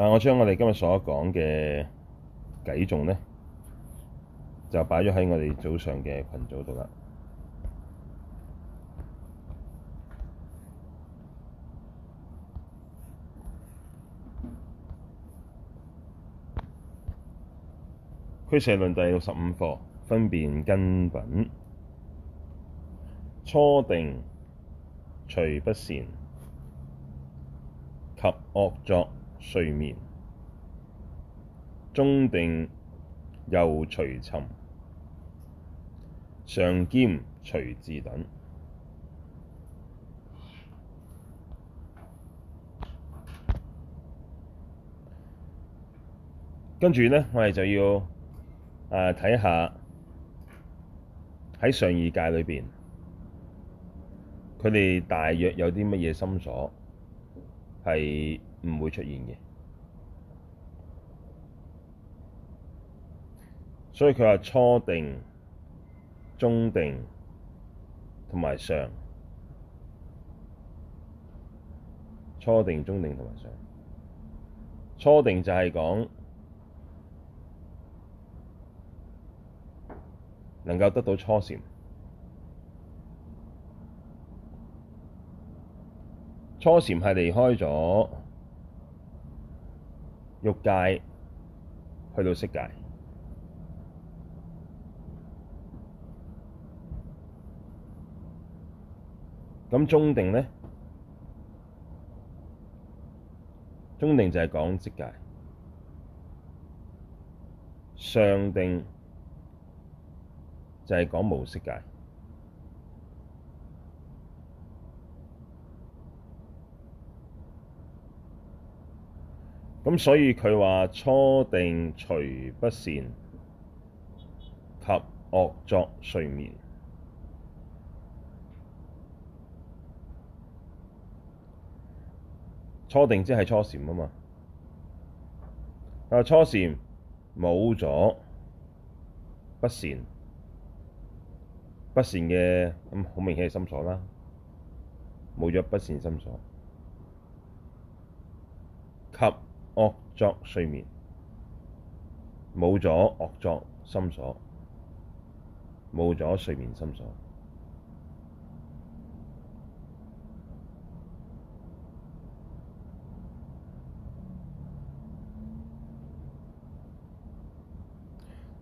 啊！我將我哋今日所講嘅偈頌呢，就擺咗喺我哋早上嘅群組度啦。俱舍論第六十五課：分別根品，初定除不善及惡作、睡眠、中定、又除尋、上兼除伺等，跟住呢，我哋就要睇、呃、下喺上二界裏邊，佢哋大約有啲乜嘢心所係唔會出現嘅，所以佢話初定、中定同埋上，初定、中定同埋上，初定就係講能夠得到初禪，初禪係離開咗。欲界，去到色界。咁中定呢？中定就係講色界，上定就係講無色界。咁所以佢話初定除不善及惡作睡眠，初定即係初禪啊嘛。啊，初禪冇咗不善，不善嘅咁好明顯係心所啦，冇咗不善心所及。惡作睡眠，冇咗惡作心所，冇咗睡眠心所，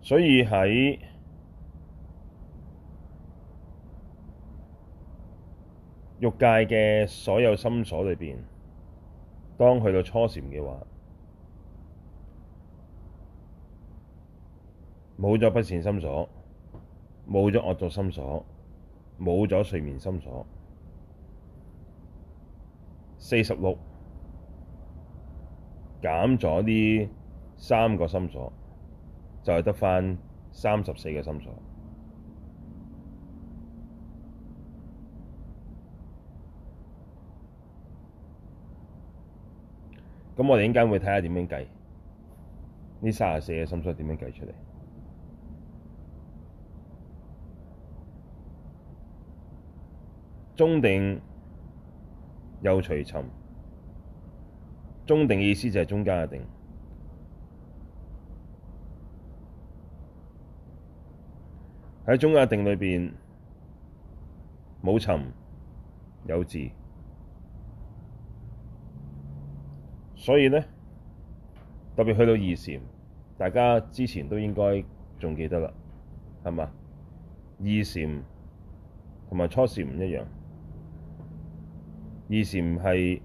所以喺欲界嘅所有心所裏邊，當去到初禪嘅話。冇咗不善心所，冇咗惡作心所，冇咗睡眠心所，四十六減咗啲三個心所，就係得返三十四個心所。咁我哋依家會睇下點樣計呢三十四個心所，點樣計出嚟？中定又除尋，中定意思就係中間嘅定。喺中間嘅定裏邊，冇尋有，有伺，所以呢，特別去到二禪，大家之前都應該仲記得啦，係嘛？二禪同埋初禪唔一樣。以前唔係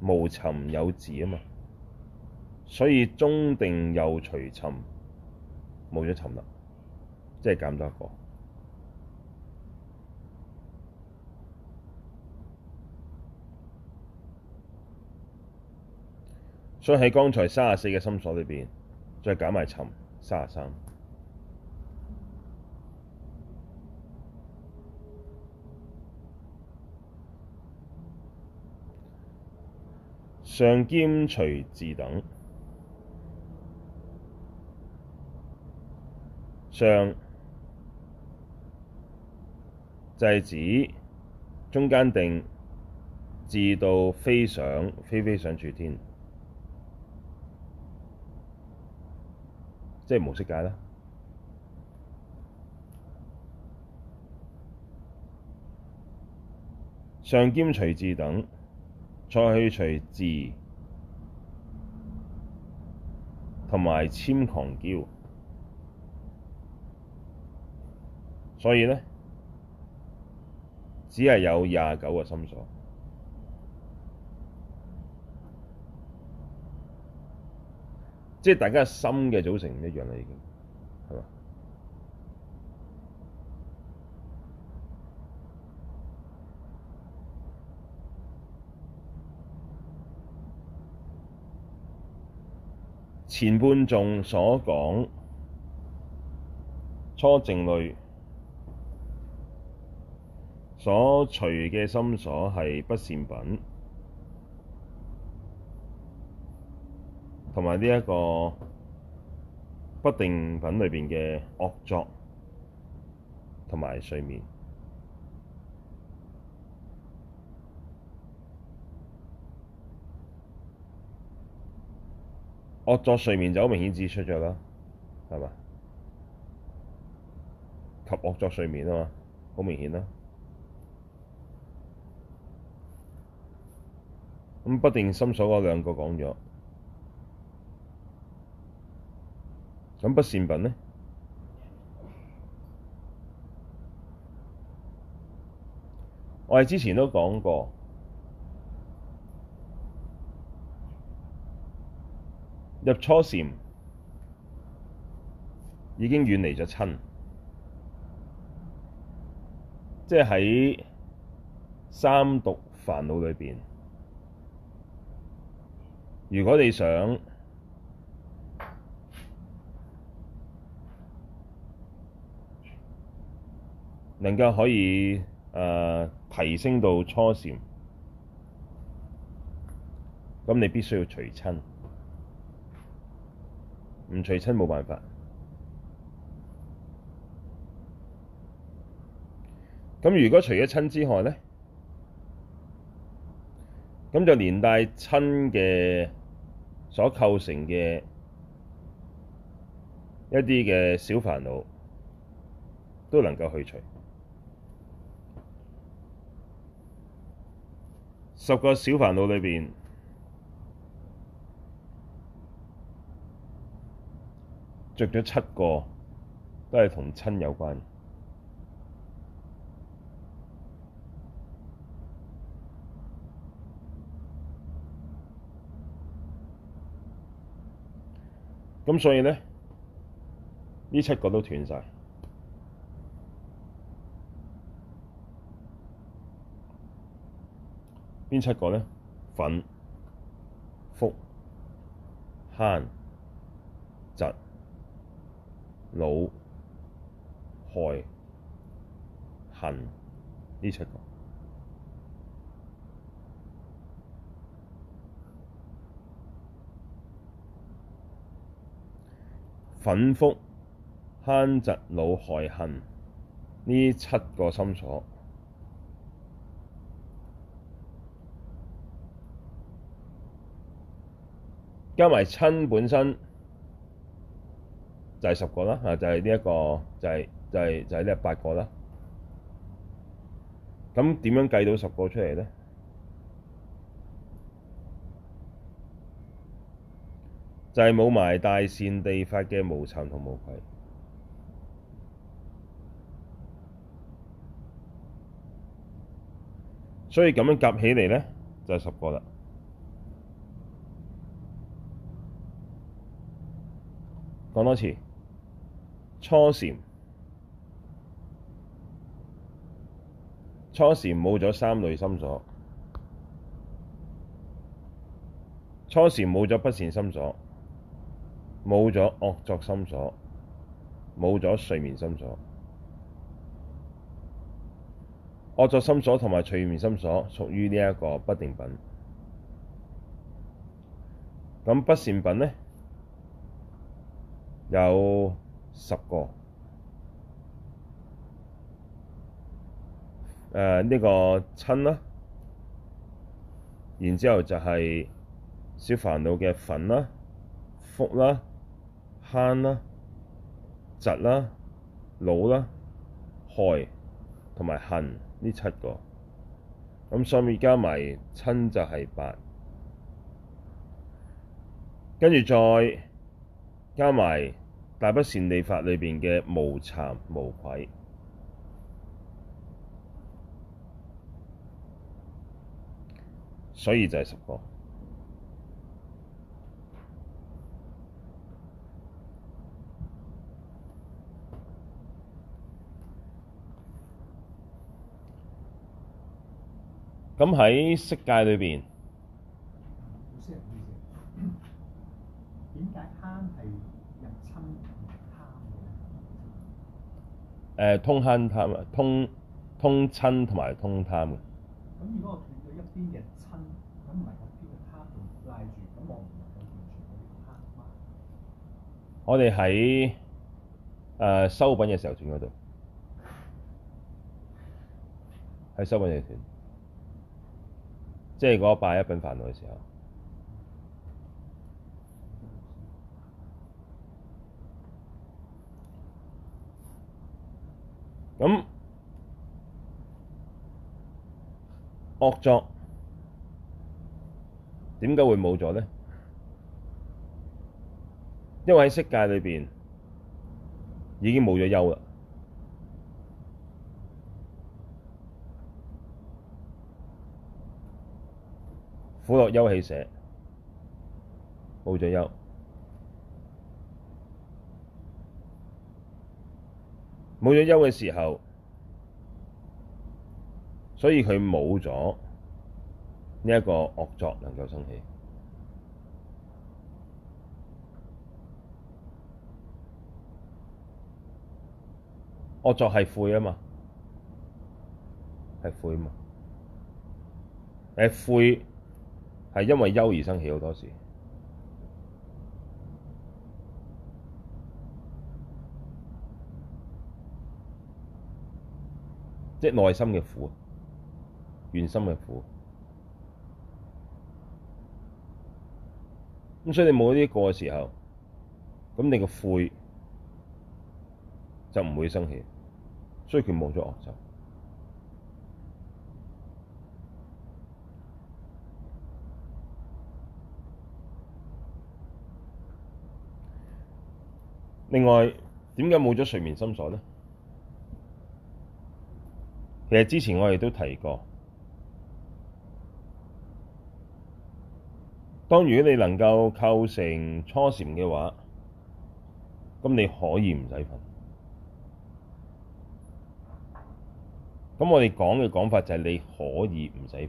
無尋有伺啊嘛，所以中定又除尋，冇咗尋啦，即係減咗一個。所以喺剛才三十四嘅心所裏邊，再減埋尋，三十三。上兼除伺等，上就係指中間定，至到非想，非非想處天，即係無色界啦。上兼除伺等，再去除伺，同埋諂、誑、驕，所以呢，只係有廿九個心所，即係大家的心嘅組成唔一樣啦，已前半頌所講初靜慮所除嘅心所係不善品，同埋呢一個不定品裏面嘅惡作同埋睡眠。惡作睡眠就好明顯指出咗啦，係嘛？及惡作睡眠啊嘛，好明顯啦。咁不定心所嗰兩個講咗，咁不善品呢？我哋之前都講過。入初禪已經遠離咗瞋，即係喺三毒煩惱裏邊。如果你想能夠可以、呃、提升到初禪，咁你必須要除瞋。唔除瞋冇辦法，咁如果除咗瞋之外咧，咁就連帶瞋嘅所構成嘅一啲嘅小煩惱，都能夠去除。十個小煩惱裏邊。着咗七個，都係同瞋有關。咁所以呢，呢七個都斷晒。邊七個呢？忿、覆、慳、嫉。惱害、恨，呢七個，忿、覆、慳、嫉、惱、害恨，呢七個心所，加埋瞋本身。就係、是、十個啦，就係呢一個，就係、是這個、就係、是、就係、是、呢、就是、八個啦。咁點樣計到十個出嚟咧？就係冇埋大不善地法嘅無慚同無愧。所以咁樣夾起嚟咧，就係十個啦。講多次。初禪，初禪冇咗三類心所，初禪冇咗不善心所，冇咗惡作心所，冇咗睡眠心所。惡作心所同埋睡眠心所屬於呢一個不定品。咁不善品呢？有。十個，誒呢個瞋啦，然之後就係小煩惱嘅忿啦、覆啦、慳啦、嫉啦、惱啦、害同埋恨呢七個，咁上面加埋瞋就係八，跟住再加埋，大不善地法裏面嘅無慚無愧，所以就係十個。咁喺色界裏面。通慳㗎嘛，通通親同埋通貪咁，如果我斷咗一邊嘅親，咁唔係一邊嘅貪住，咁我唔能夠完全我哋喺收品嘅時候斷嗰度，喺收品嘅時候，即係如果擺一品飯來嘅時候。咁惡作點解會冇咗呢？因為喺色界裏邊已經冇咗憂啦，苦樂憂喜捨，冇咗憂。冇咗憂嘅時候，所以佢冇咗呢一個惡作能夠生起。惡作係悔啊嘛，係悔啊嘛，係悔係因為憂而生起好多時。即係內心嘅苦，怨心嘅苦。咁所以你冇呢啲過嘅時候，咁你個悔就唔會生起，所以佢冇咗惡作。另外，點解冇咗睡眠心所咧？其實之前我哋都提過，當如果你能夠構成初禪嘅話，咁你可以唔使瞓。咁我哋講嘅講法就係你可以唔使瞓。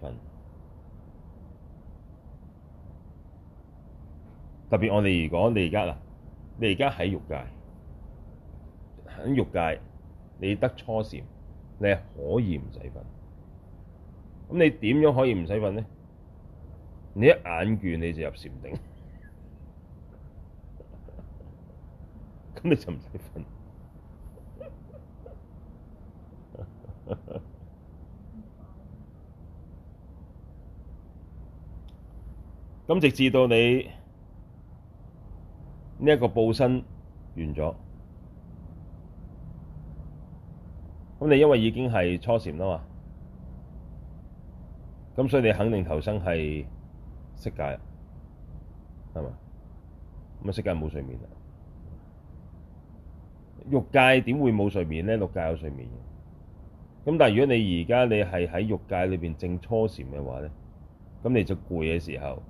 特別我哋如果你而家啦，你而家喺欲界，喺欲界，你得初禪。你可以唔使瞓，咁你點樣可以唔使瞓呢？你一眼倦你就入禪定，咁 你就唔使瞓。咁 直至到你呢一個報身完咗。咁你因為已經係初禪啦嘛，咁所以你肯定投生係色界，係嘛？咁色界冇睡眠啊，欲界點會冇睡眠咧？欲界有睡眠。咁但係如果你而家你係喺欲界裏面正初禪嘅話咧，咁你就攰嘅時候，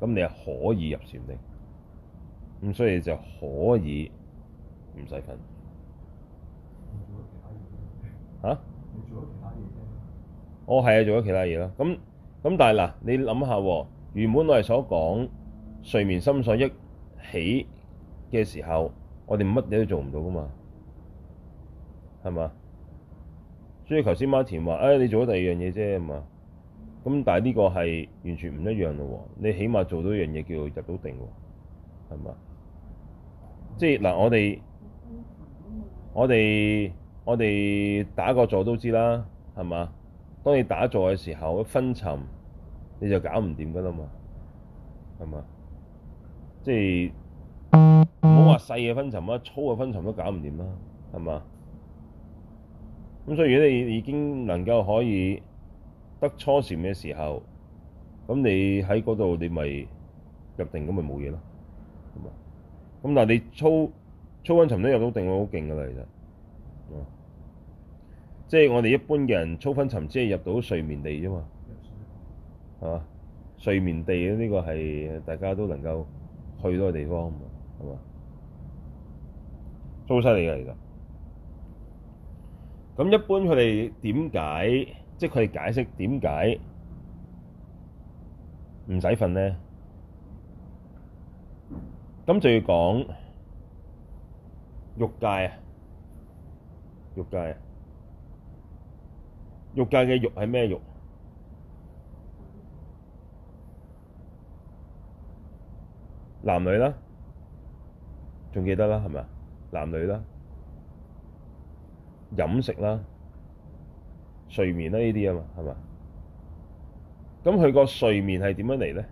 咁你係可以入禪的，咁所以就可以唔使瞓。啊！你做咗其他嘢啫。我、哦、係啊，做咗其他嘢啦。咁咁，但係嗱，你諗下喎，原本我哋所講睡眠心所一起嘅時候，我哋乜嘢都做唔到㗎嘛，係嘛？所以頭先媽田話，誒、哎，你做咗第二樣嘢啫嘛。咁但係呢個係完全唔一樣咯喎，你起碼做到一樣嘢叫入到定喎，係嘛？即係嗱，我哋我哋。我哋打個坐都知啦，係嘛？當你打坐嘅時候，一分尋你就搞唔掂噶啦嘛，係嘛？即係唔好話細嘅分尋啦，粗嘅分尋都搞唔掂啦，係嘛？咁所以如果你已經能夠可以得初禪嘅時候，咁你喺嗰度你咪入定咁咪冇嘢咯，咁咁但係你粗粗分尋都入到定，好勁噶啦，其實。即係我哋一般嘅人，粗分層只係入到睡眠地啫嘛，係嘛？睡眠地呢、呢個係大家都能夠去到嘅地方，係嘛？都好犀利㗎，而家。咁一般佢哋點解，即係佢哋解釋點解唔使瞓咧？咁就要講慾界啊，慾界啊！欲界嘅欲係咩欲？男女啦，仲記得啦係嘛？男女啦，飲食啦，睡眠啦呢啲啊嘛，係嘛？咁佢個睡眠係點樣嚟呢？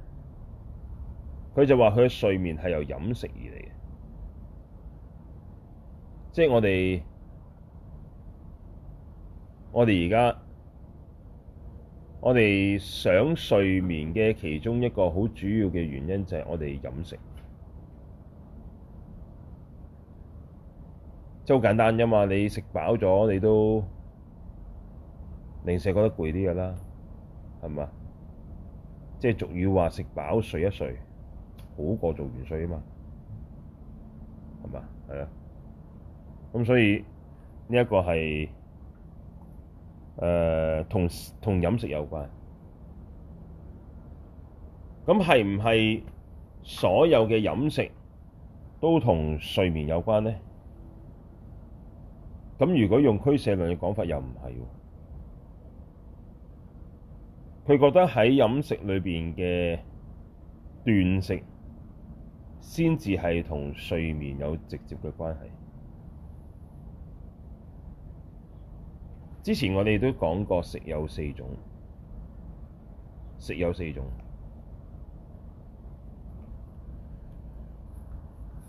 佢就話佢嘅睡眠係由飲食而嚟嘅，即係我哋，我哋而家。我哋想睡眠嘅其中一個好主要嘅原因就係我哋飲食，就好簡單啫嘛。你食飽咗，你都零舍覺得攰啲㗎啦，係咪啊？即係俗語話食飽睡一睡，好，好過做完睡啊嘛，係咪啊？係啊，咁所以呢一、這個係。誒、呃，同同飲食有關，咁係唔係所有嘅飲食都同睡眠有關呢？咁如果用俱舍論嘅講法，又唔係，佢覺得喺飲食裏邊嘅段食，先至係同睡眠有直接嘅關係。之前我哋都講過食有四種，食有四種，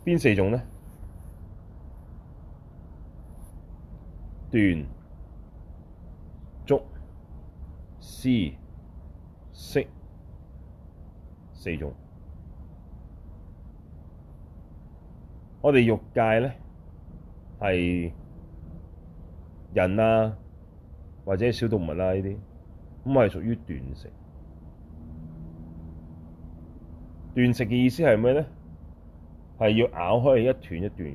邊四種呢？段、觸、思、識四種。我哋欲界呢，係人啊，或者小動物啦，呢啲咁係屬於段食。段食嘅意思係咩咧？係要咬開一段一段，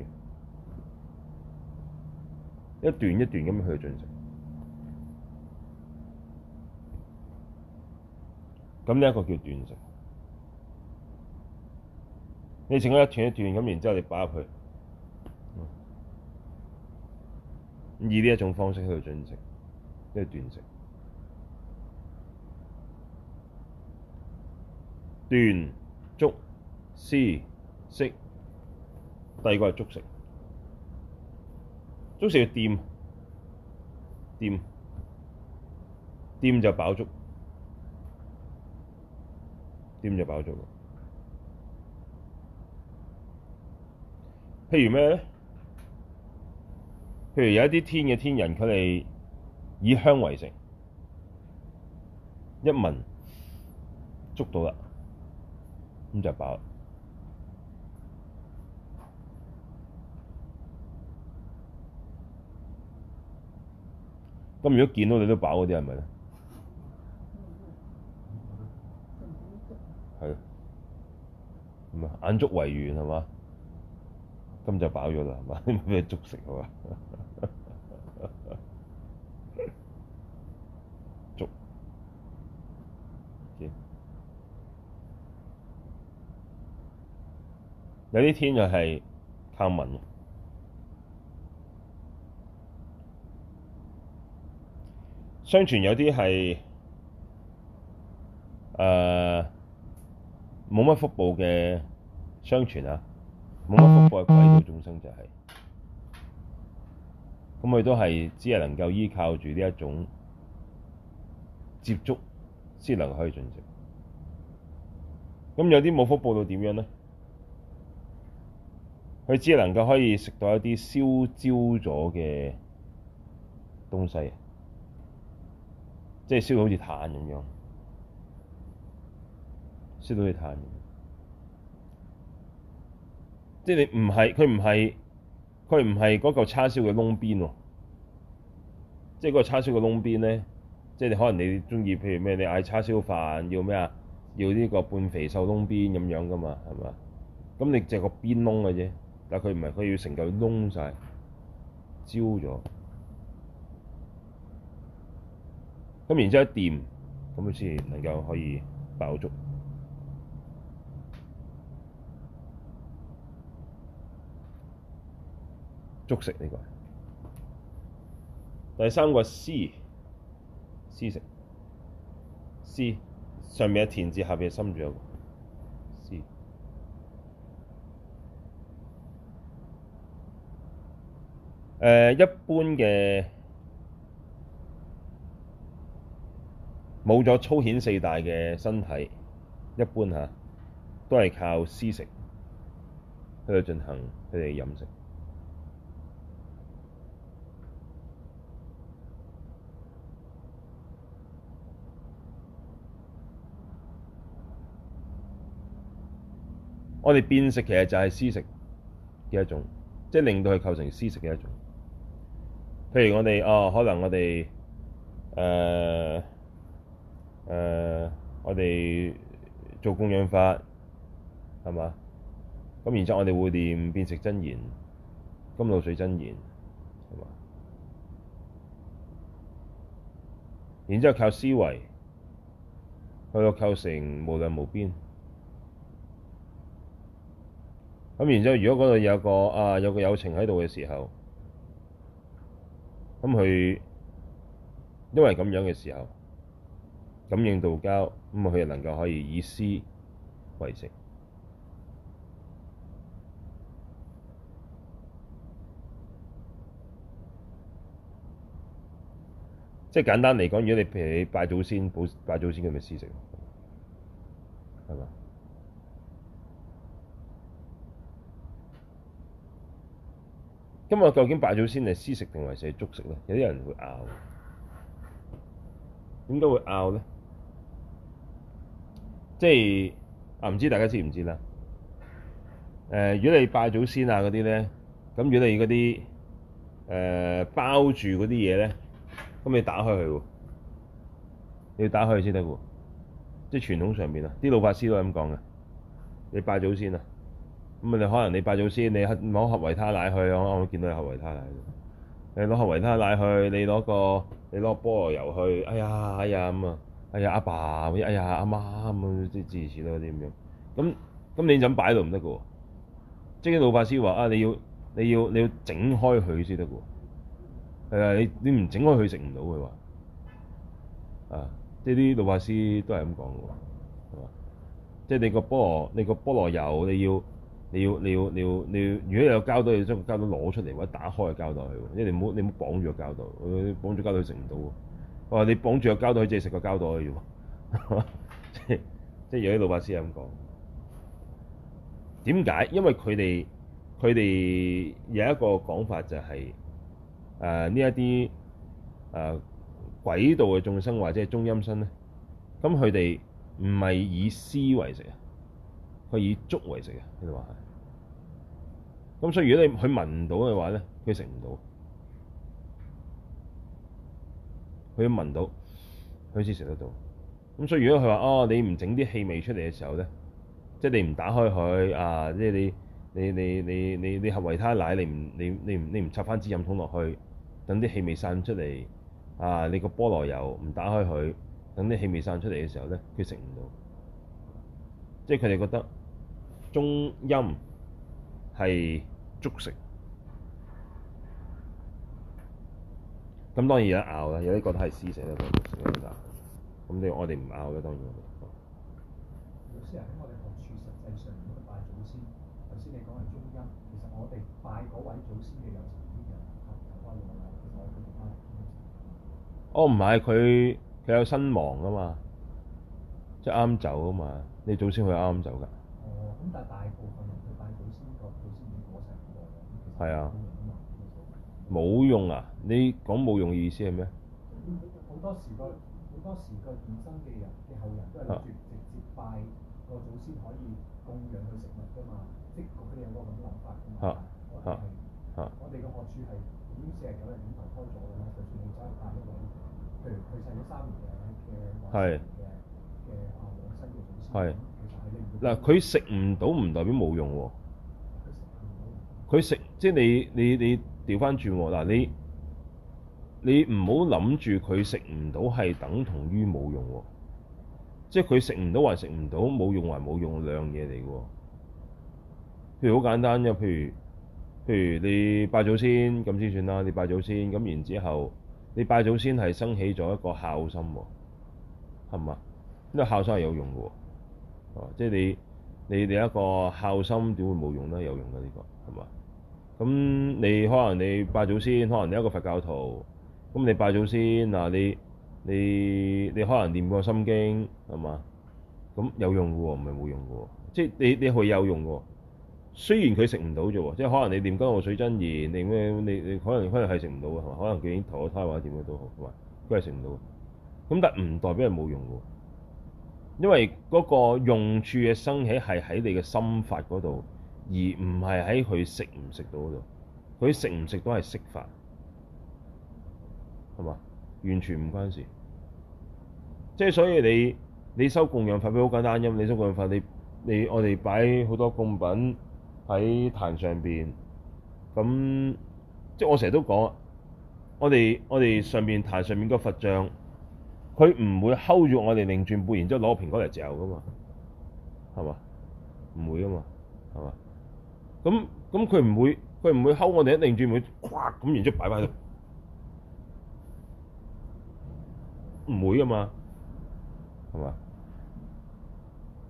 一段一段咁去進食。咁呢一個叫段食。你整開一段一段咁一段，然之後你擺入去，以呢一種方式去進食。即係段食、觸食、思食、識食。第二個係觸食，觸食叫掂，掂，掂就飽足，掂就飽足。譬如咩咧？譬如有一啲天嘅天人，佢哋。以香為食，一聞捉到啦，咁就飽了。咁如果見到你都飽嗰啲係咪咧？係啊， 眼觸為緣係嘛？咁就飽咗啦係嘛？咩足 食啊？好有啲天就係靠文，相傳有啲係誒冇乜福報嘅相傳啊，冇乜福報嘅鬼道眾生就係、是，咁佢都係只係能夠依靠住呢一種接觸，先能夠可以進食。咁有啲冇福報到點樣咧？佢只能夠可以食到一啲燒焦咗嘅東西，即係燒到好似炭咁樣，燒到啲炭。即係你唔係佢唔係佢唔係嗰嚿叉燒嘅燶邊喎，即係嗰個叉燒嘅燶邊咧。即係你可能你中意譬如咩？你嗌叉燒飯要咩啊？要呢個半肥瘦燶邊咁樣噶嘛？係嘛？咁你就個邊窿嘅啫。但係佢唔係，佢要成嚿隆曬焦咗，咁然之後一掂，咁佢先能夠可以飽足觸食呢個。第三個思，思食，思上面有田字，下邊有心字有。誒，一般嘅，冇咗粗顯四大嘅身體，一般吓都係靠施食去到進行佢哋飲食。我哋變食其實就係施食嘅一種，即係令到佢構成施食嘅一種。譬如我哋哦，可能我哋誒誒，我哋做供養法，係嘛？咁然之後我哋會念變食真言、甘露水真言，係嘛？然之後靠思維去到構成無量無邊。咁然之後，如果嗰度有個啊有個有情喺度嘅時候。咁佢因為咁樣嘅時候，感應道交，咁啊佢又能夠可以以思為食，即係簡單嚟講，如果你譬如你拜祖先、補拜祖先，佢咪思食，係咪？今日究竟拜祖先係施食定係食粥食咧？有啲人會拗，點解會拗咧？即係啊，唔知大家知唔知啦？誒、呃，如果你拜祖先啊嗰啲咧，咁如果你嗰啲誒包住嗰啲嘢咧，咁你打開佢喎，你要打開佢先得喎，即係傳統上面啊，啲老法師都係咁講嘅，你拜祖先啊！咁你可能你拜祖先，你攞盒維他奶去，我啱啱見到你攞維他奶。你攞盒維他奶去，你攞個你攞菠蘿油去，哎呀哎呀咁啊！哎呀阿、哎、爸，哎呀阿媽咁、哎，即係諸如此類嗰啲咁樣。咁咁你怎擺都唔得喎！即係老法師話你要你要你要整開佢先得喎。係啊，你唔整開佢食唔到，佢話啊，即係啲老法師都係咁講噶喎，係嘛？即係你個菠蘿，你個菠蘿油，你要。你要你要你要你要，你要，如果你有膠袋，你將個膠袋攞出嚟，或者打開個膠袋佢，因為你唔好你唔好綁住個膠袋，佢綁住膠袋食唔到喎。我話你綁住個膠袋，即只係食個膠袋嘅啫喎，即係有啲老闆師係咁講。點解？因為佢哋佢哋有一個講法就係誒呢一啲誒鬼道嘅眾生或者係中陰身咧，咁佢哋唔係以思為食啊。佢以粥為食嘅，佢哋話係。咁所以如果你佢聞唔到嘅話咧，佢食唔到。佢要聞到，佢先食得到。咁所以如果佢話哦，你唔整啲氣味出嚟嘅時候咧，即係你唔打開佢啊，即係你你你你你你合維他奶，你唔你你唔你唔插翻支飲筒落去，等啲氣味散出嚟啊，你個菠蘿油唔打開佢，等啲氣味散出嚟嘅時候咧，佢食唔到。即係佢哋覺得。中陰係足食，咁當然有得拗啦。有啲覺得係屍食咧，嗰啲食得。咁，我哋唔拗嘅，當然。老師喺我哋學處實際上唔拜祖先。頭先你講係中陰，其實我哋拜嗰位祖先嘅有成啲人啊，關龍啊，佢哋啊。哦，唔係佢佢有身亡啊嘛，即係啱走啊嘛。你祖先佢係啱走㗎。咁但係大部分人佢拜祖先，個祖先果果已經過咗世，冇用啊！冇用啊！你講冇用嘅意思係咩？好多時個好多時個現生嘅人嘅後人都係說直接拜個祖先可以供養佢食物㗎嘛，即係佢哋有個咁嘅諗法。啊啊！我哋嘅學處係已經四十九日已經開咗㗎啦，就算你走去拜一位，譬如佢逝咗三年嘅嘅嘅嘅嘅後生嘅祖先。嗱，佢食唔到唔代表冇用喎。佢食即係你你你調翻轉喎。嗱，你你唔好諗住佢食唔到係等同於冇用喎。即係佢食唔到還食唔到，冇用還冇用，兩嘢嚟嘅喎。譬如好簡單嘅，譬如譬如你拜祖先咁先算啦。你拜祖先咁然之後，你拜祖先係生起咗一個孝心喎，係咪啊？咁孝心係有用喎。哦，即係你你你一個孝心點會冇用咧？有用㗎、啊、呢、呢個係嘛？咁你可能你拜祖先，可能你一個佛教徒，咁你拜祖先嗱你你你，你可能念過心經係嘛？咁有用喎、啊，唔係冇用喎、啊。即係你你係有用喎、啊。雖然佢食唔到啫喎，即係可能你念甘露水真言，你咩你你，你可能可能係食唔到嘅係嘛？可能佢已經投咗胎或者點樣都好係嘛？佢係食唔到嘅。咁但唔代表係冇用喎、啊。因為嗰個用處嘅生起係喺你嘅心法嗰度，而唔係喺佢食唔食到嗰度。佢食唔食都係食法，係嘛？完全唔關事。即係所以你你收供養法好簡單啫，你收供養法，你你，你我哋擺好多供品喺壇上邊，咁即係我成日都講，我哋我哋上邊壇上面嗰個佛像。佢唔會睺住我哋擰轉背，然之後攞個蘋果嚟嚼噶嘛，係嘛？唔會噶嘛，係嘛？咁咁佢唔會佢唔會睺我哋一擰轉背，咁然之後擺喺度，唔會噶嘛，係嘛？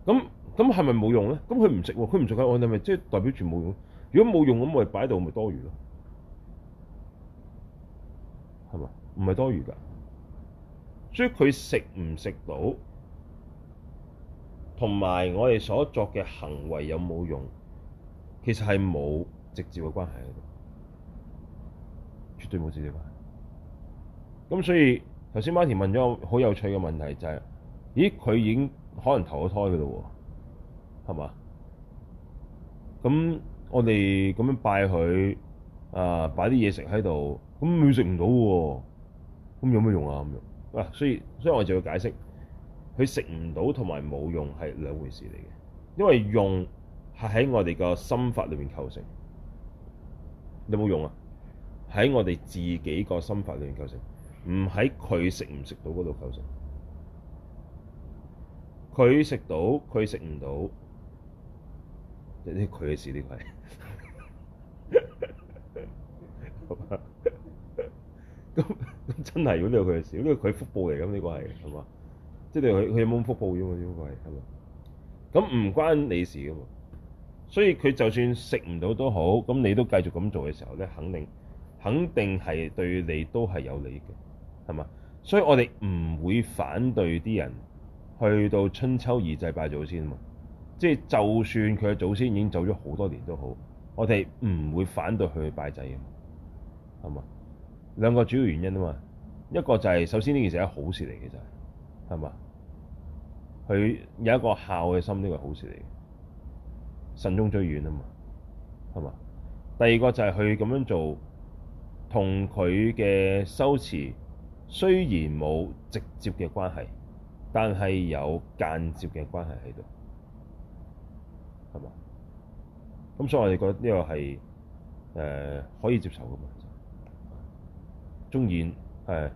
咁咁係咪冇用咧？咁佢唔食喎，佢唔食喺我哋咪即係代表住冇用。如果冇用咁我哋擺喺度咪多餘咯，係嘛？唔係多餘噶。所以佢食唔食到，同埋我哋所作嘅行為有冇用，其實係冇直接嘅關係喺度，絕對冇直接關係。咁所以頭先 Martin 問咗個好有趣嘅問題，就係、是：咦，佢已經可能投咗胎嘅嘞喎，係嘛？咁我哋咁樣拜佢啊，擺啲嘢食喺度，咁佢食唔到喎，咁有咩用啊？咁樣？喂、啊，所以所以我就要解釋，佢食唔到同埋冇用係兩回事嚟嘅，因為用係喺我哋個心法裏面構成，有冇用啊？喺我哋自己個心法裏面構成，唔喺佢食唔食到嗰度構成，佢食到佢食唔到，啲佢嘅事呢個係。 好咁。真係，如果你有佢嘅事，因為佢福報嚟㗎，呢個係係嘛，即係佢佢有冇福報啫嘛，呢個係係嘛。咁唔關你事㗎嘛，所以佢就算食唔到都好，咁你都繼續咁做嘅時候咧，肯定肯定係對你都係有利嘅，係嘛？所以我哋唔會反對啲人去到春秋二祭拜祖先啊嘛，即係就算佢嘅祖先已經走咗好多年都好，我哋唔會反對佢去拜祭嘅，係嘛？兩個主要原因啊嘛，一個就係首先呢件事係好事嚟嘅，就係係嘛，佢有一個孝嘅心，呢、這個好事嚟嘅，慎終追遠啊嘛，係嘛。第二個就係佢咁樣做，同佢嘅修持雖然冇直接嘅關係，但係有間接嘅關係喺度，係嘛。咁所以我哋覺得呢個係誒、呃、可以接受嘅嘛。中演，係，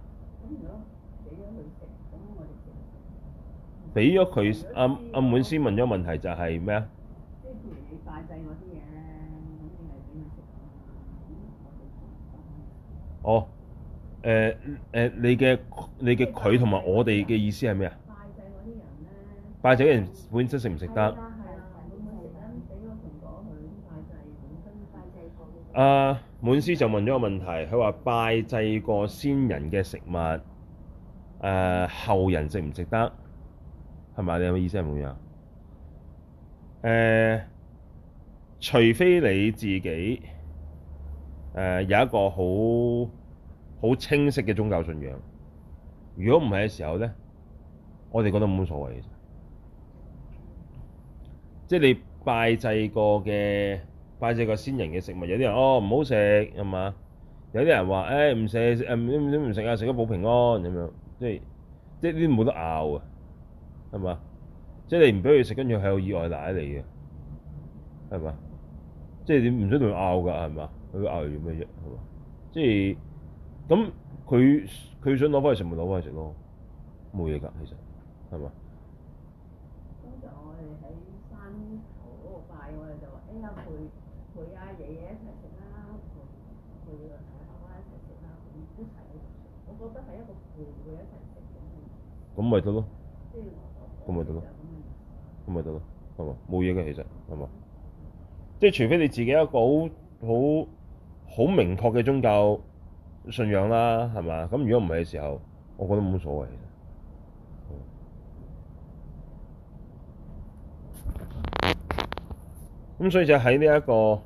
俾咗佢，阿阿滿先問咗問題就係咩啊？拜祭啲嘢，哦，誒誒，你嘅你嘅佢同埋我哋嘅意思係咩啊？拜祭啲人咧，拜祭啲人本身食唔食得？啊！本師就問咗個問題，佢話拜祭過先人嘅食物，誒、呃、後人值唔值得？係咪你有咩意思係點樣啊？除非你自己誒、呃、有一個好好清晰嘅宗教信仰，如果唔係嘅時候咧，我哋覺得冇乜所謂嘅，即係你拜祭過嘅。擺隻個先人嘅食物，有啲人哦唔好食係嘛？有啲人話誒唔食誒，唔唔唔食啊，食咗保平安咁樣，即係即係呢啲冇得拗嘅係嘛？即係你唔俾佢食，跟住係有意外賴你嘅係嘛？即係你唔想同佢拗㗎係嘛？佢拗係做咩啫係嘛？即係咁佢佢想攞翻去食咪攞翻去食咯，冇嘢㗎其實係嘛？咁咪得咯，咁咪得咯，咁咪得咯，係嘛？冇嘢嘅其實係嘛？即係除非你自己一個好好好明確嘅宗教信仰啦，係嘛？咁如果唔係嘅時候，我覺得冇乜所謂。咁所以就喺呢一個誒、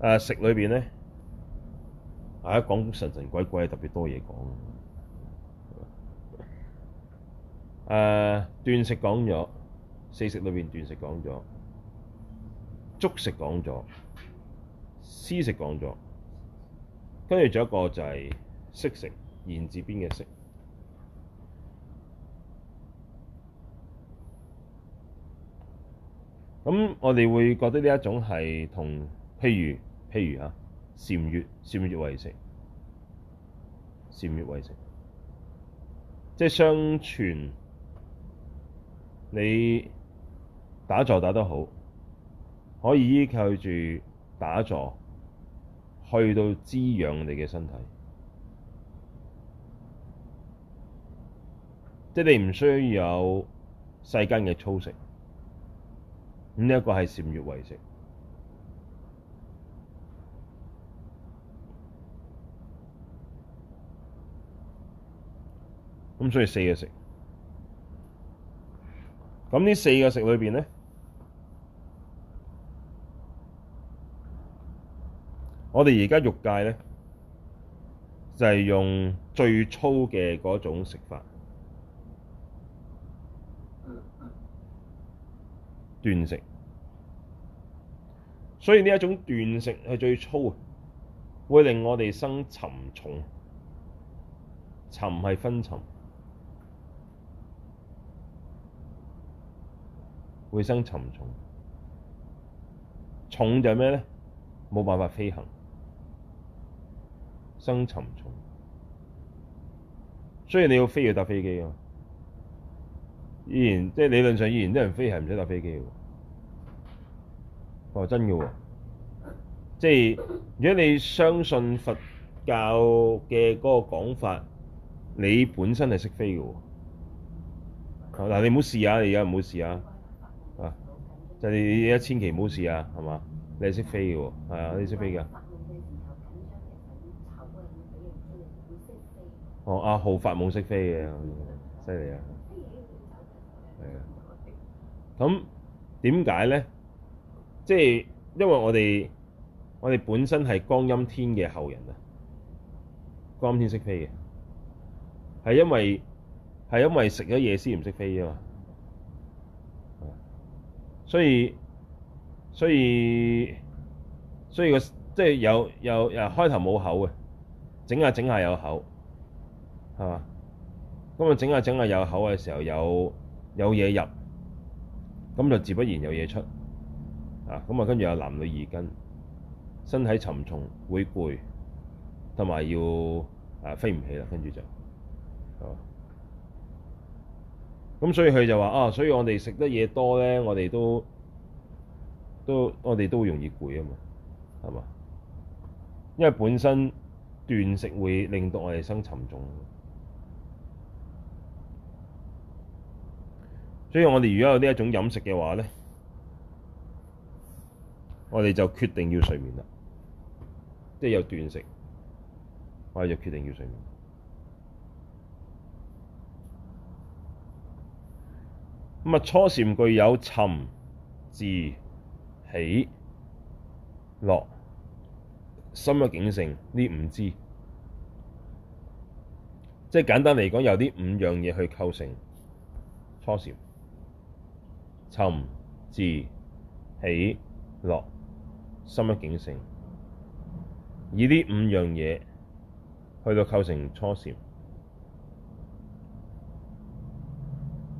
呃、食裏邊，咧，大家講神神鬼鬼係特別多嘢講。誒、uh, 段食講咗，四食裏面段食講咗，觸食講咗，思食講咗，跟住仲有一個就係識食，言字邊嘅食。咁我哋會覺得呢一種係同譬如譬如啊，「禪悅禪悅為食，禪悅為食，即係相傳。你打坐打得好，可以依靠住打坐去到滋養你嘅身體，即係你唔需要有世間嘅粗食，呢一個係禪悅為食，咁所以四個食。咁呢四個食裏面呢，我哋而家肉界呢，就係用最粗嘅嗰種食法，斷食。所以呢一種斷食係最粗，會令我哋生沉重，沉係昏沉。會生沉重，重就係咩咧？冇辦法飛行，生沉重。雖然你要飛要搭飛機啊，依然即係理論上依然啲人飛係唔使搭飛機嘅。哦，真嘅喎，哦，即係如果你相信佛教嘅嗰個講法，你本身係識飛嘅喎。嗱，啊，你唔好試下，你而家唔好試下。你一千祈唔好試啊，係嘛？你係識飛嘅喎，係啊，你識飛㗎。哦，阿浩發冇識飛嘅，犀利啊！係啊。咁點解咧？即係因為我哋我哋本身係光陰天嘅後人啊，光陰天識飛嘅，係因為係因為食咗嘢先唔識飛啊嘛。所以所以所以個即係有有啊，開頭冇口嘅，整下整下有口，係嘛？咁啊，整下整下有口嘅時候有有嘢入，咁就自不然有嘢出，啊咁啊跟住有男女二根，身體沉重會攰，同埋要啊飛唔起啦，跟住就。咁所以佢就話啊，所以我哋食得嘢多咧，我哋都都我哋都容易攰啊嘛，係嘛？因為本身段食會令到我哋生沉重，所以我哋如果有呢一種飲食嘅話咧，我哋就決定要睡眠啦，即係有段食，我哋就決定要睡眠。咁啊，初禪具有尋、伺、喜、樂、心一境性呢五支，即係簡單嚟講，由呢五樣嘢去構成初禪。尋、伺、喜、樂、心一境性，以呢五樣嘢去到構成初禪。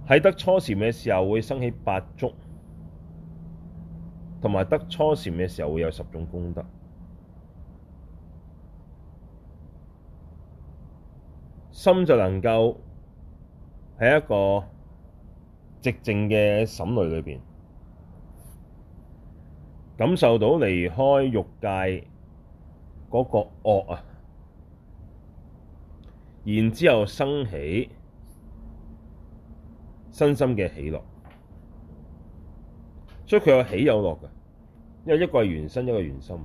喺得初禪嘅時候會生起八觸，同埋得初禪嘅時候會有十種功德，心就能夠喺一個寂靜嘅審慮裏邊，感受到離開欲界嗰個惡啊，然之後生起。身心嘅喜樂，所以佢有喜有樂嘅，因為一個係原身，一個係原心。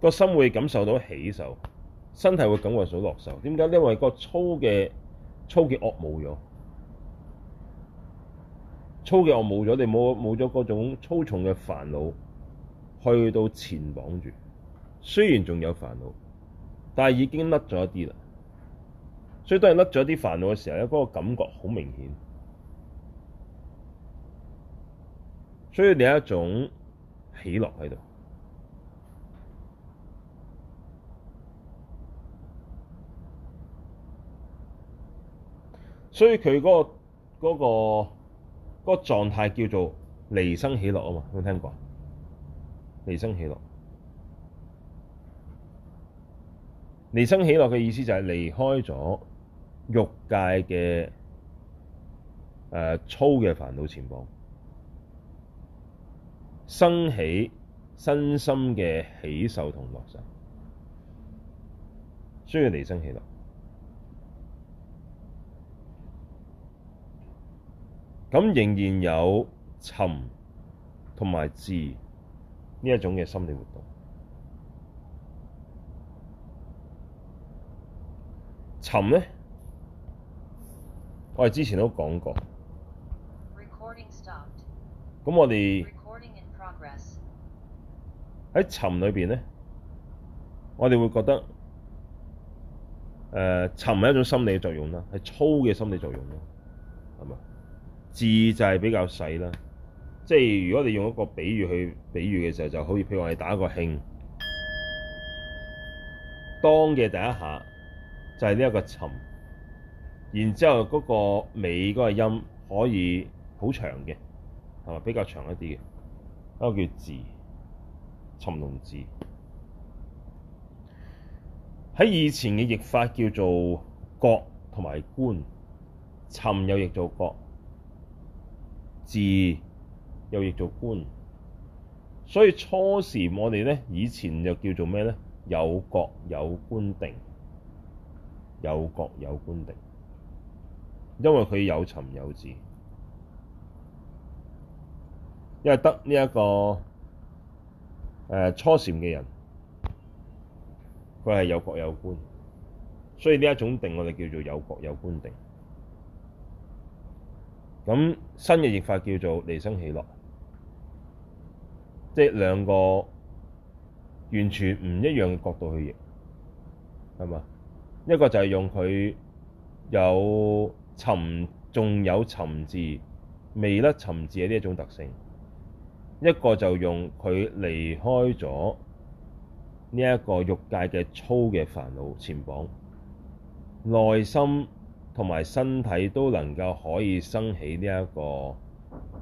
個心會感受到喜受，身體會感覺到樂受。點解？因為個粗嘅粗嘅惡冇咗，粗嘅惡冇咗，你冇冇咗嗰種粗重嘅煩惱。去到前綁住，雖然仲有煩惱，但係已經甩咗一啲啦。所以當你甩咗啲煩惱嘅時候，嗰個感覺好明顯。所以你有一種喜樂喺度，所以佢嗰個嗰個嗰個狀態叫做離生喜樂啊嘛，有冇聽過？離生喜樂，離生喜樂嘅意思就係離開咗欲界嘅粗嘅煩惱，前方生起身心嘅喜受同樂受，需要離生喜樂。咁仍然有尋同埋伺。呢一種嘅心理活動，尋呢，我哋之前都講過。Recording stopped. 咁我哋喺尋裏面呢，我哋會覺得誒尋係一種心理作用啦，係粗嘅心理作用啦，係咪？伺就係比較細啦。即係如果你用一個比喻去比喻嘅時候，就好似譬如話你打一個磬，當嘅第一下就係呢一個尋，然之後嗰個尾嗰個音可以好長嘅，係咪比較長一啲嘅？嗰、嗰個叫伺，尋同「伺」。喺以前嘅譯法叫做覺同埋觀，尋有譯做覺，伺。又譯做觀，所以初禪我哋咧以前又叫做咩咧？有覺有觀定，有覺有觀定，因為佢有尋有伺，因為得呢一個誒初禪嘅人，佢係有覺有觀，所以呢一種定我哋叫做有覺有觀定。咁新嘅譯法叫做離生喜樂。即係兩個完全唔一樣嘅角度去譯，係嘛？一個就係用佢有尋，仲有尋伺，未甩尋伺嘅呢一種特性；一個就係用佢離開咗呢一個欲界嘅粗嘅煩惱纏縛，內心同埋身體都能夠可以生起呢、這、一個啊、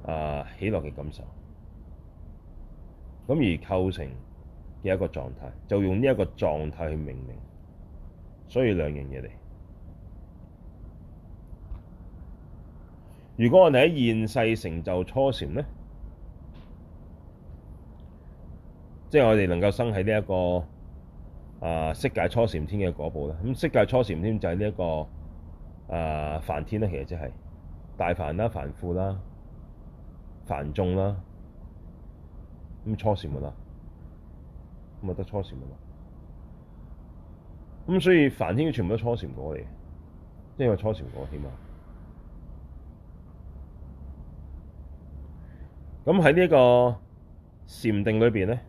呃、喜樂嘅感受。咁而構成嘅一個狀態，就用呢一個狀態去命名。所以兩樣嘢嚟。如果我哋喺現世成就初禪咧，即係我哋能夠生喺呢一個啊色界初禪天嘅果報咧。咁色界初禪天就係呢一個啊凡天咧、啊，其實即係大梵啦、啊、梵輔啦、啊、梵眾啦。咁初禪冇啦，咁啊得初禪冇啦。咁所以梵天全部都初禪果嚟嘅，因為初禪果起碼。咁喺呢個禪定裏邊咧，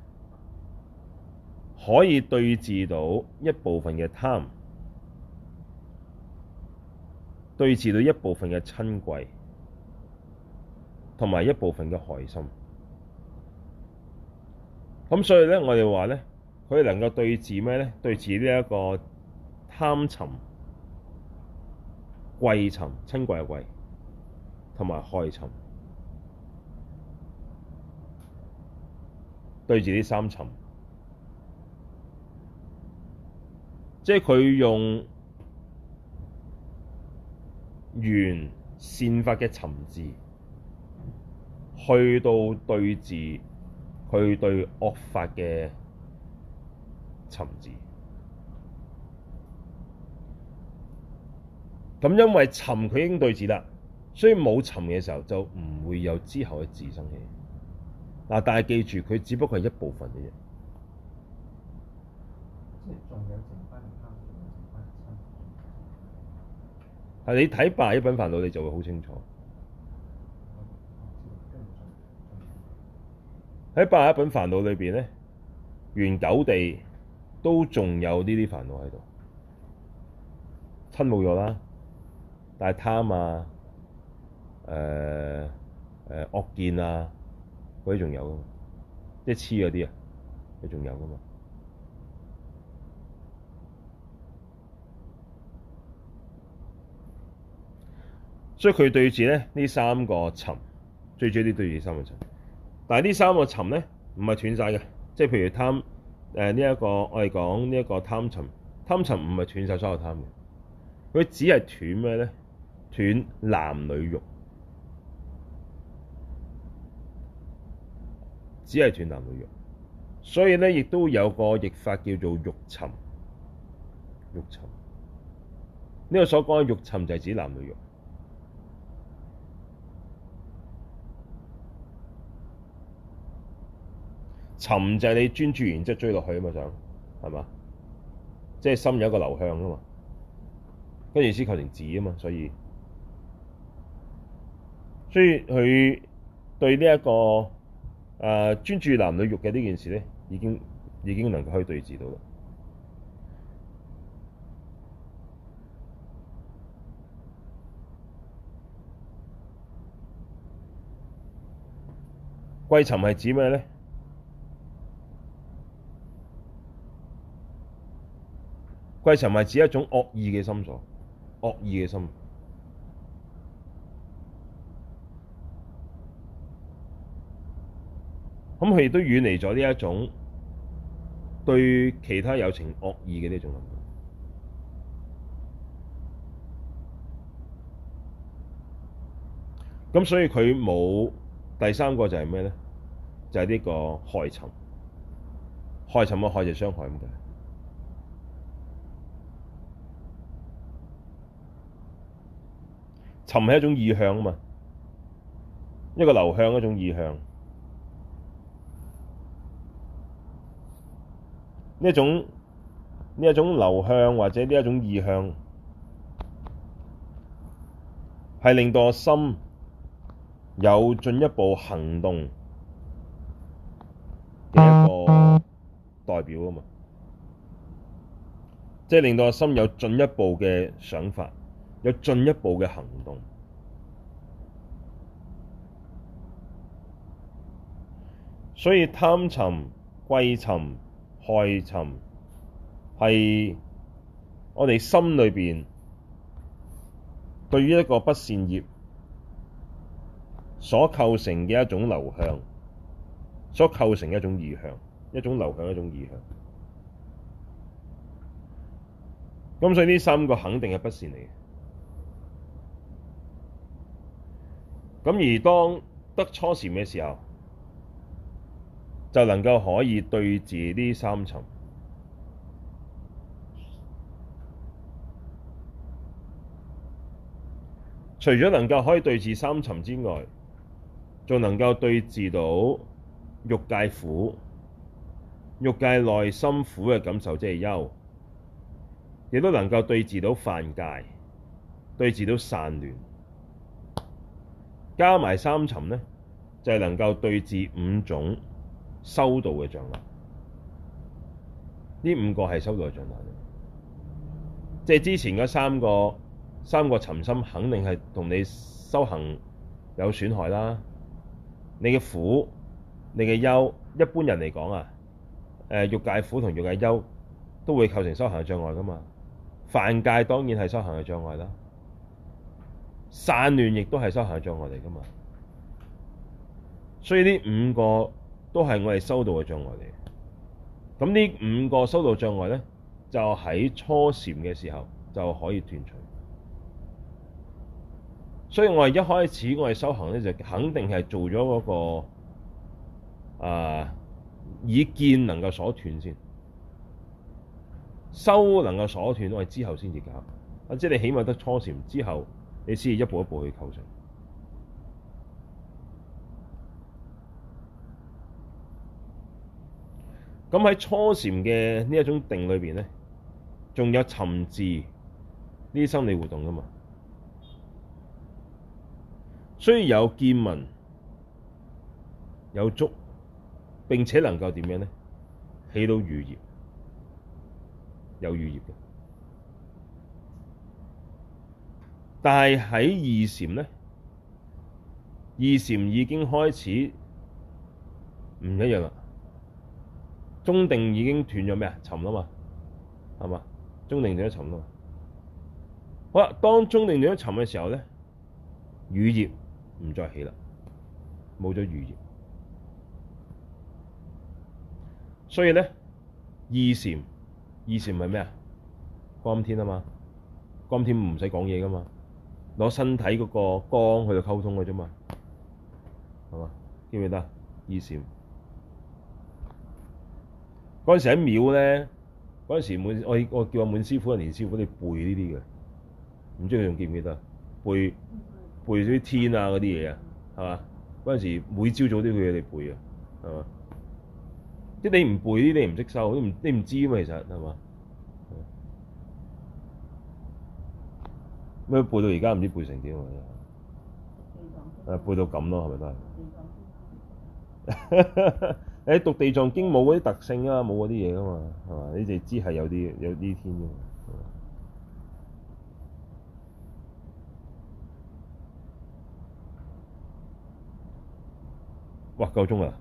可以對治到一部分嘅貪，對治到一部分嘅嗔恚，同埋一部分嘅害心。咁所以咧，我哋話咧，佢能夠對治咩咧？對治呢一個貪尋、恚尋、瞋恚嘅恚，同埋害尋。對治啲三尋，即係佢用原善法嘅尋字去到對治。佢對惡法嘅尋伺，咁因為尋佢已經對治啦，所以冇尋嘅時候就唔會有之後嘅伺生起。嗱，但係記住佢只不過係一部分嘅啫。係你睇《八品煩惱》你就會好清楚。喺八十一品煩惱裏面，呢原九地都仲有呢啲煩惱喺度，親冇咗啦，但係貪啊，誒呃，呃惡見啊，嗰啲仲有，即係黐嗰啲啊，佢仲有噶嘛。所以佢對治呢呢三個尋，最主要啲對治三個尋。但係呢三個尋呢，唔係斷晒嘅，即係譬如貪，呢、呃、一、呢個我哋講呢個貪尋，貪尋唔係斷晒所有貪嘅，佢只係斷咩呢？斷男女欲，只係斷男女欲，所以呢，亦都有個譯法叫做欲尋。欲尋呢個所講嘅欲尋就係指男女欲。尋就係你專注完之後追落去啊嘛，就係嘛，即係心有一個流向啊嘛，跟住先求成字啊嘛，所以所以佢對呢、這、一個誒專、呃、注男女欲嘅呢件事咧，已經已經能夠可以對治到啦。恚尋係指咩咧？恚尋係指一種惡意嘅心所，惡意嘅心。咁佢亦都遠離咗呢一種對其他友情惡意嘅呢一種感覺。咁所以佢冇第三個就係咩呢？就係、是、呢個害尋，害尋一害就傷害咁尋係一種意向啊嘛，一個流向一種意向，呢一種呢一種流向或者呢一種意向，係令到我心有進一步行動嘅一個代表啊嘛，即係令到我心有進一步嘅想法。有進一步嘅行動，所以貪尋、恚尋、害尋係我哋心裏面對於一個不善業所構成嘅一種流向，所構成嘅一種意向，一種流向，一種意向。咁所以呢三個肯定係不善嚟嘅。咁而當得初禪嘅時候，就能夠可以對治呢三尋。除咗能夠可以對治三尋之外，仲能夠對治到欲界苦、欲界內心苦嘅感受，即係憂。亦都能夠對治到犯戒，對治到散亂。加埋三尋咧，就係、是、能夠對治五種修道嘅障礙。呢五個係修道嘅障礙嚟，即係之前嗰三個三個尋心肯定係同你修行有損害啦。你嘅苦、你嘅憂，一般人嚟講啊，誒欲界苦同欲界憂都會構成修行嘅障礙噶嘛。犯戒當然係修行嘅障礙啦。散亂亦都係修行嘅障礙嚟噶嘛，所以呢五個都係我哋修道嘅障礙嚟。咁呢五個修道障礙咧，就喺初禪嘅時候就可以斷除。所以我哋一開始我哋修行咧，就肯定係做咗嗰個啊，以見能夠所斷先，修能夠所斷，我哋之後先至搞。啊，即係你起碼得初禪之後。你先一步一步去構成。咁喺初禪嘅呢一種定裏面咧，仲有尋伺呢啲心理活動噶嘛，雖然有見聞、有觸，並且能夠點樣咧，起到語業，有語業嘅。但係喺二禪呢，二禪已經開始唔一樣啦。中定已經斷咗咩啊？尋啊嘛，係嘛？中定斷咗尋啊嘛？好啦，當中定斷咗尋嘅時候呢，語業唔再起啦，冇咗語業。所以呢，二禪二禪係咩啊？光天啊嘛，光天唔使講嘢噶嘛。攞身體嗰個光去到溝通嘅啫嘛，係嘛？記唔記得？二線嗰陣時喺廟咧，嗰陣時我我叫阿滿師傅啊、連師傅你背呢啲嘅，唔知佢仲記唔記得？背背咗啲天啊嗰啲嘢啊，係嘛？嗰陣時每朝早都要佢哋背啊，係嘛？即係你唔背呢啲，你唔識收，你唔你唔知啊，其實係嘛？咩背到而家唔知背成點啊？誒，背到咁咯，係咪都係？誒，地 讀地藏經冇嗰啲特性啊，冇嗰啲嘢噶嘛，係嘛？你哋知係有啲天啫。哇！夠鐘啊！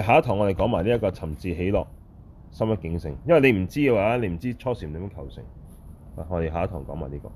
下一堂我哋講埋呢一個尋伺喜樂。心一境性，因為你唔知嘅話，你唔知道初時點樣構成。我哋下一堂講埋呢、這個。